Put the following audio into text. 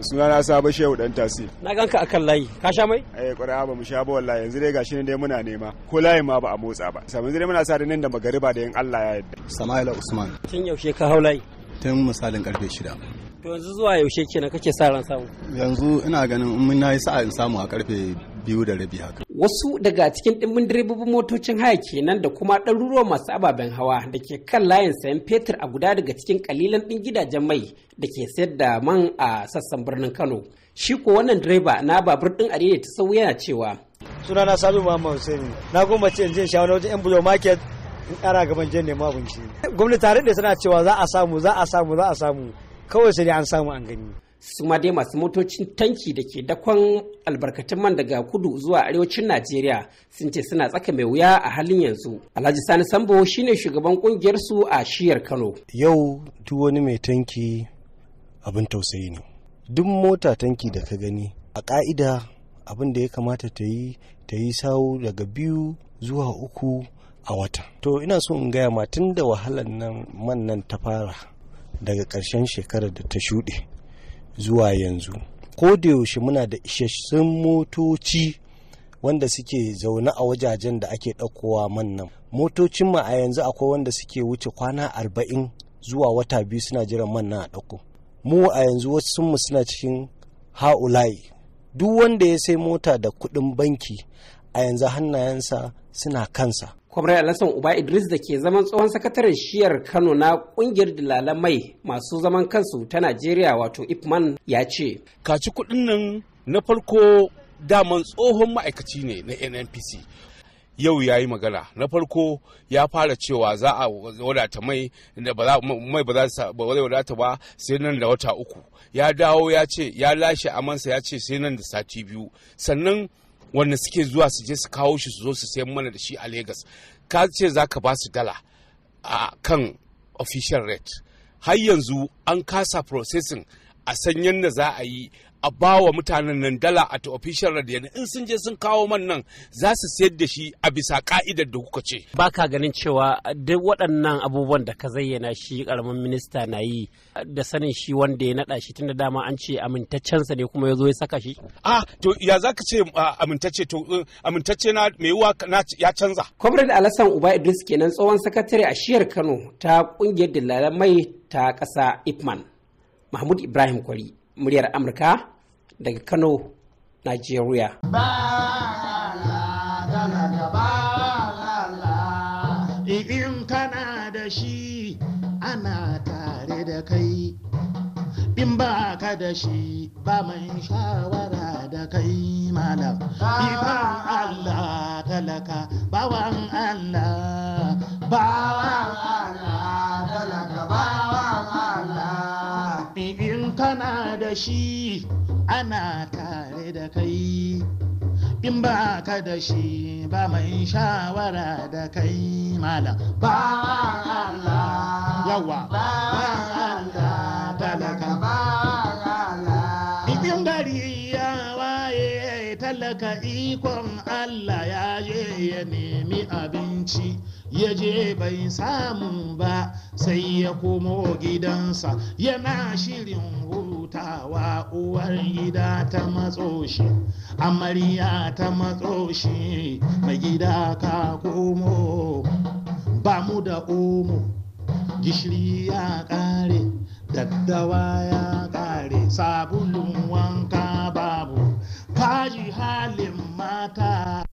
Suna na sabo shehu dan tasi na ganka akan layi ka sha mai eh ƙura ba mu sha ba wallahi yanzu dai gashi ne dai muna nema ko layin ma ba a motsa ba Yanzu dai muna sa da nan da magariba da yin Allah ya yarda Sama'ila Usman tun yaushe ka hau layi tun misalin karfe shida to yanzu zuwa yaushe kenan kake sa ran samu yanzu ina ganin mun na yi sa'a in samu a karfe biyu da rabi haka wasu daga cikin dimbin direbobin motocin haya kenan da kuma ɗaruruwan masu ababen hawa da ke kan layin sayan fetur a guda daga cikin kalilan ɗin gidajen mai da ke sayar da man a sassan birnin kano shi ko wannan direba na babur ɗin arewa ta sau yana cewa sunana sabi muhammad hussein na goma ce jin je shawarar wajen yan bulo market in ƙara gaban je nema abinci gwamnati tare da suna cewa za a samu za a samu za a samu kawai sai an samu an gani su ma dai masu motocin tanki da ke dakon albarkatun man daga kudu zuwa arewacin najeriya sun ce suna tsaka mai wuya a halin yanzu alhaji sani sambo shine shugaban kungiyar su a shiyar kano yau duk wani mai tanki abin tausayi ne duk mota tanki da ka gani a ka'ida abin da ya kamata ta yi ta yi sawu daga biyu zuwa uku a wata to ina so in gaya ma tun da wahalar nan man nan ta fara daga ƙarshen shekarar da ta shuɗe zuwa yanzu ko yaushe muna da isassun motoci wanda suke zaune a wajajen da ake ɗaukowa man nan motocin ma a yanzu akwai wanda suke wuce kwana arba'in zuwa wata biyu suna jiran man a ɗauko mu a yanzu wasu mu suna cikin ha'ulayi duk wanda ya sai mota da kuɗin banki a yanzu hannayensa suna kansa kwamrai alassan uba idris da ke zaman tsohon sakataren shiyar kano na kungiyar dilalan mai masu zaman kansu ta najeriya wato ipman ya ce kaci kudin nan na farko daman tsohon ma'aikaci ne na nnpc yau ya yi magana na farko ya fara cewa za a wadata mai ba mai ba za wadata ba sai nan da wata uku ya dawo ya ce ya lashe amansa ya ce sai nan da sati biyu sannan wanda suke zuwa su je su kawo shi su zo su sayan mana da shi a Legas ka ce za ka ba su dala a kan official rate har yanzu an kasa processing a san yadda za a yi a ba wa mutanen nan dala at official radio in sun je sun kawo man nan za su sayar da shi a bisa ka'idar da kuka ce. Ba ka ganin cewa duk waɗannan abubuwan da ka zayyana shi ƙaramin minista na yi da sanin shi wanda ya naɗa shi tunda dama an ce amintaccensa ne kuma ya zo ya saka shi. Ah to ya za ka ce amintacce to eh, amintacce na mai yiwuwa ya canza. Comrade Alassan Uba Idris kenan tsohon sakatare a shiyar Kano ta ƙungiyar dillalan mai ta ƙasa Ipman. mahmud ibrahim kwari muryar amurka daga kano nigeria in kana da shi ana tare da kai in ba ka da shi ba mai shawara da kai malam iban allah talaka bawan allah bawan kana da shi ana tare da kai in ba ka da shi ba mai shawara da kai mala ba Allah yawa ba Allah talaka ikon Allah ya je ya nemi abinci ya je bai samu ba sai ya komo gidansa yana shirin hutawa uwar gida ta matsoshi, amarya ta matso shi mai gida ka komo ba mu da omo gishiri ya kare daddawa ya kare sabulun Maranatha.